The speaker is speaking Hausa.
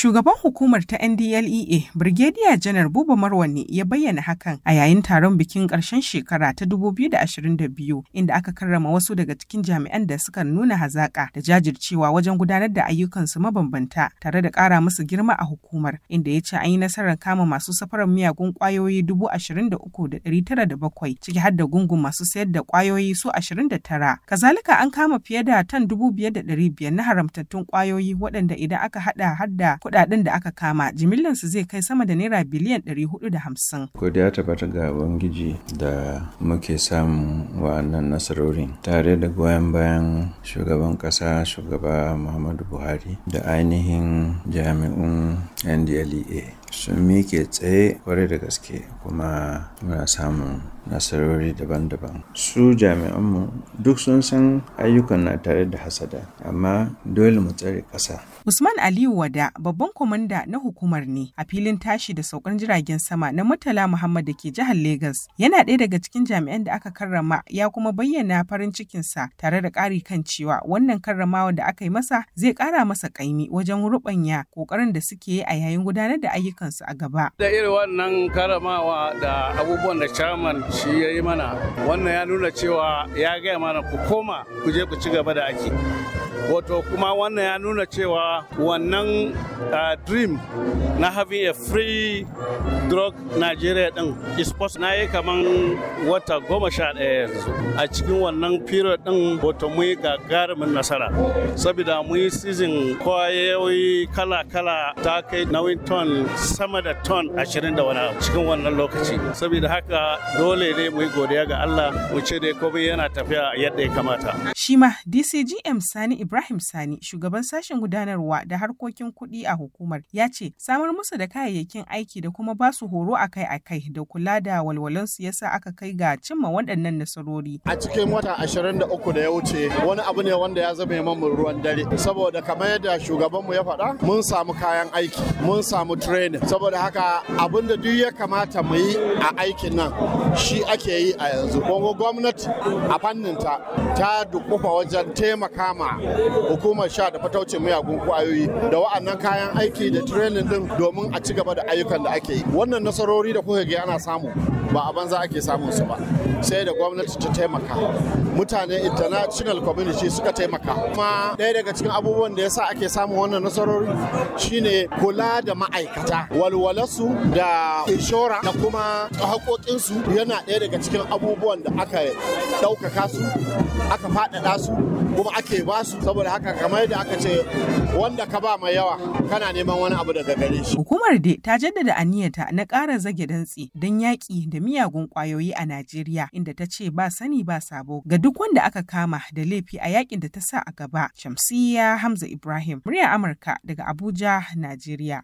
Shugaban hukumar ta NDLEA, Brigadier Janar Buba Marwani ya bayyana hakan a yayin taron bikin ƙarshen shekara ta 2022 inda aka karrama wasu daga cikin jami'an da suka nuna hazaƙa da jajircewa wajen gudanar da ayyukansu mabambanta tare da ƙara musu girma a hukumar inda ya ce an yi nasarar kama masu safarar miyagun ƙwayoyi 23,907 ciki har da gungun masu sayar da ƙwayoyi su 29. Kazalika an kama fiye da tan 5,500 na haramtattun ƙwayoyi waɗanda idan aka haɗa da kudaden da aka kama jimillan zai kai sama da naira biliyan 450 ko da ya tabbata ga ubangiji da muke samun wa'annan nasarori tare da goyon bayan shugaban ƙasa shugaba muhammadu buhari da ainihin jami'un ndlea sun mike tsaye kwarai da gaske kuma muna samun nasarori daban-daban su jami'anmu duk sun san ayyukan na tare da hasada amma dole mu tsare ƙasa usman aliyu wada babban babban kwamanda na hukumar ne a filin tashi da saukan jiragen sama na Murtala Muhammad da ke jihar Legas. Yana ɗaya daga cikin jami'an da aka karrama ya kuma bayyana farin cikinsa tare da ƙari kan cewa wannan karramawa da aka yi masa zai ƙara masa ƙaimi wajen rubanya ƙoƙarin da suke yi a yayin gudanar da ayyukansu a gaba. Da irin wannan karramawa da abubuwan da chairman shi ya yi mana wannan ya nuna cewa ya gaya mana ku koma ku je ku ci gaba da ake. wato kuma wannan ya nuna cewa wannan ah, dream na having a free drug nigeria din ispos na yi kaman wata goma sha daya yanzu a cikin wannan period din wato mu yi gagarumin nasara saboda mu yi season kwayoyi kala-kala ta kai nauyin ton sama da ton ashirin da wani cikin wannan lokaci saboda haka dole ne mu yi godiya ga allah mu ce dai komai yana tafiya yadda ya kamata Shi ma DCGM Sani Ibrahim Sani, shugaban sashen gudanarwa da harkokin kuɗi a hukumar, ya ce samar musu da kayayyakin aiki da kuma ba su horo akai-akai da kula da walwalansu yasa aka kai ga cimma waɗannan nasarori. A cikin wata 23 da ya wuce wani abu ne wanda ya zama mamu ruwan dare saboda kamar yadda shugabanmu ya faɗa mun samu kayan aiki mun samu training saboda haka abin da duk ya kamata mu yi a aikin nan shi ake yi a yanzu. Kongo gwamnati a fannin ta ta duku kofa wajen taimaka ma hukumar sha da fataucin miyagun kwayoyi da wa'annan kayan aiki da training din domin a ci gaba da ayyukan da ake yi wannan nasarori da kuka ga ana samu ba a banza ake samun su ba sai da gwamnati ta taimaka mutane international community suka taimaka kuma ɗaya daga cikin abubuwan da yasa ake samun wannan nasarori shine kula da ma'aikata walwalarsu da inshora da kuma haƙoƙinsu yana ɗaya daga cikin abubuwan da aka ɗaukaka su aka faɗaɗa su kuma ake ba su saboda haka kamar da aka ce wanda ka ba mai yawa kana neman wani abu daga gare shi hukumar da ta jaddada aniyata na ƙara zage dantsi don yaƙi da miyagun ƙwayoyi a najeriya inda ta ce ba sani ba sabo ga duk wanda aka kama da laifi a yakin da ta sa a gaba. Shamsiyya Hamza Ibrahim, murya Amurka daga Abuja, Najeriya.